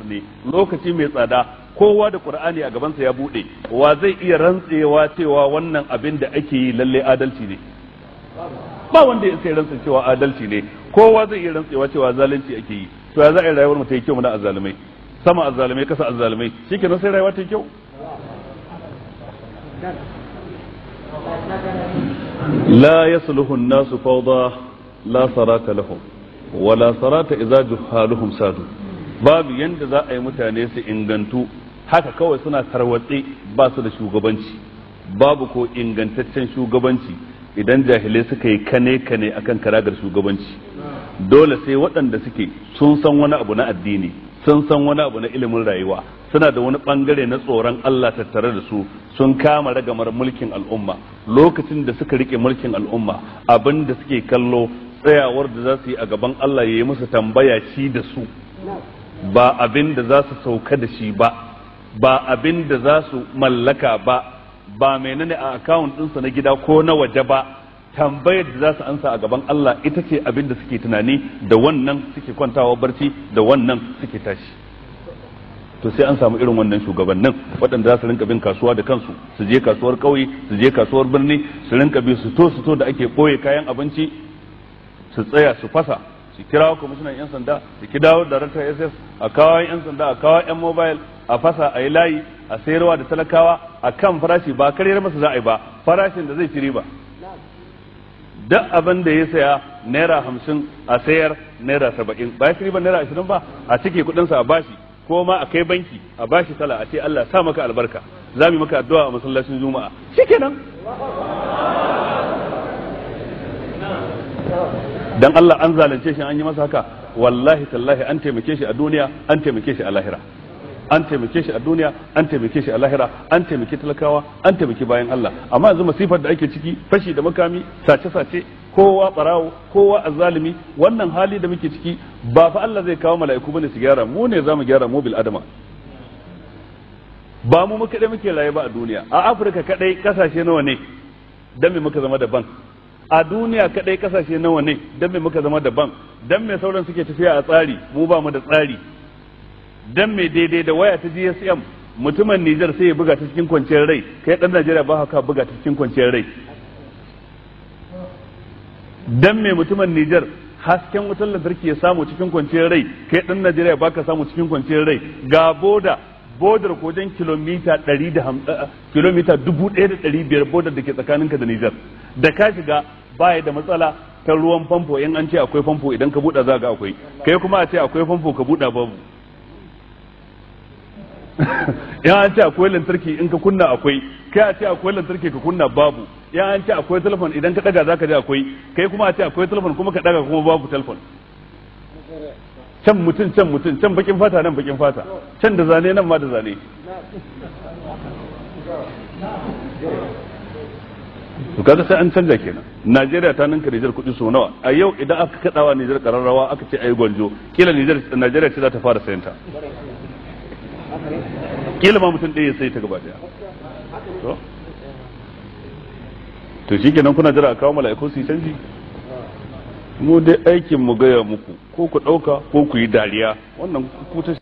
ne lokaci mai tsada kowa da qur'ani a gabansa ya bude wa zai iya rantsewa cewa wannan abin da ake yi lalle adalci ne ba wanda ya sai rantsa cewa adalci ne kowa zai iya rantsewa cewa zalunci ake yi to ya za a yi rayuwar mu ta yi kyau muna azzalumai sama azzalumai kasa azzalumai shikenan sai rayuwa ta yi kyau لا يصلح الناس فوضى لا صراط لهم ولا صراط إذا جهالهم سادوا babu yanda za a yi mutane su ingantu haka kawai suna tarwatse ba su da shugabanci babu ko ingantaccen shugabanci idan jahilai suka yi kane kane akan karagar shugabanci dole sai waɗanda suke sun san wani abu na addini sun san wani abu na ilimin rayuwa suna da wani bangare na tsoron Allah tattare da su sun kama ragamar mulkin al'umma lokacin da suka rike mulkin al'umma abin da suke kallo tsayawar da za su yi a gaban Allah ya yi musu tambaya shi da su ba abin da za su sauka da shi ba ba abin da za su mallaka ba ba menene a akawun ɗinsa na gida ko na waje ba tambayar da za su ansa a gaban Allah ita ce abin da suke tunani da wannan suke kwantawa barci da wannan suke tashi to sai an samu irin wannan shugabannin waɗanda za su rinka bin kasuwa da kansu su je kasuwar ƙauye su je kasuwar birni su rinka bi su to su to da ake ɓoye kayan abinci su tsaya su fasa su kirawo kwamishinan yan sanda su ki dawo rantar ss a kawo yan sanda a kawo yan mobile a fasa a yi layi a sayarwa da talakawa a kan farashi ba karyar masa za a yi ba farashin da zai ci riba duk abin da ya saya naira hamsin a sayar naira saba'in ba ya ci riba naira ashirin ba a cike kudinsa a bashi ko ma a kai banki a bashi sala a ce allah sa maka albarka za mu yi maka addu'a a masallacin juma'a shikenan dan Allah an zalunce shi an yi masa haka wallahi tallahi an taimake shi a duniya an taimake shi a lahira an taimake shi a duniya an taimake shi a lahira an taimake talakawa an taimake bayan Allah amma yanzu masifar da ake ciki fashi da makami sace sace kowa barawo kowa azzalimi wannan hali da muke ciki ba fa Allah zai kawo mala'iku bane su gyara mu ne zamu gyara mu bil adama ba mu muka da muke rayuwa ba a duniya a Afirka kadai kasashe nawa ne dan me muka zama daban a duniya kadai kasashe nawa ne dan me muka zama daban dan me sauran suke tafiya a tsari mu ba mu da tsari dan me daidai da waya ta GSM mutumin Nijar sai ya buga ta cikin kwanciyar rai kai dan Najeriya ba haka buga ta cikin kwanciyar rai dan me mutumin Nijar hasken wutar lantarki ya samu cikin kwanciyar rai kai dan Najeriya ka samu cikin kwanciyar rai ga boda bodar ko wajen kilomita eh, kilomita 1500 bodar da ke tsakaninka da Nijar da ka shiga baya da matsala ta ruwan famfo in an ce akwai famfo idan ka buɗa za ga akwai kai kuma a ce akwai famfo ka buɗa babu yan an ce akwai lantarki in ka kunna akwai kai a ce akwai lantarki ka kunna babu yan an ce akwai telefon idan ka daga ka ji akwai kai kuma a ce akwai telefon kuma ka daga kuma babu telefon can mutum can mutum can bakin fata nan bakin fata can da zane nan ma da zane to kaga sai an canja kenan Najeriya ta ninka Nijar kuɗi so nawa a yau idan aka kadawa Nijar kararrawa aka ce ayi gwanjo kila Nijar Najeriya ce za ta fara sayanta kila ma mutum ɗaya sai ta gaba daya to shi kenan kuna jira a kawo mala'iku su canji mu dai aikin mu gaya muku ko ku ɗauka ko ku yi dariya wannan ku ta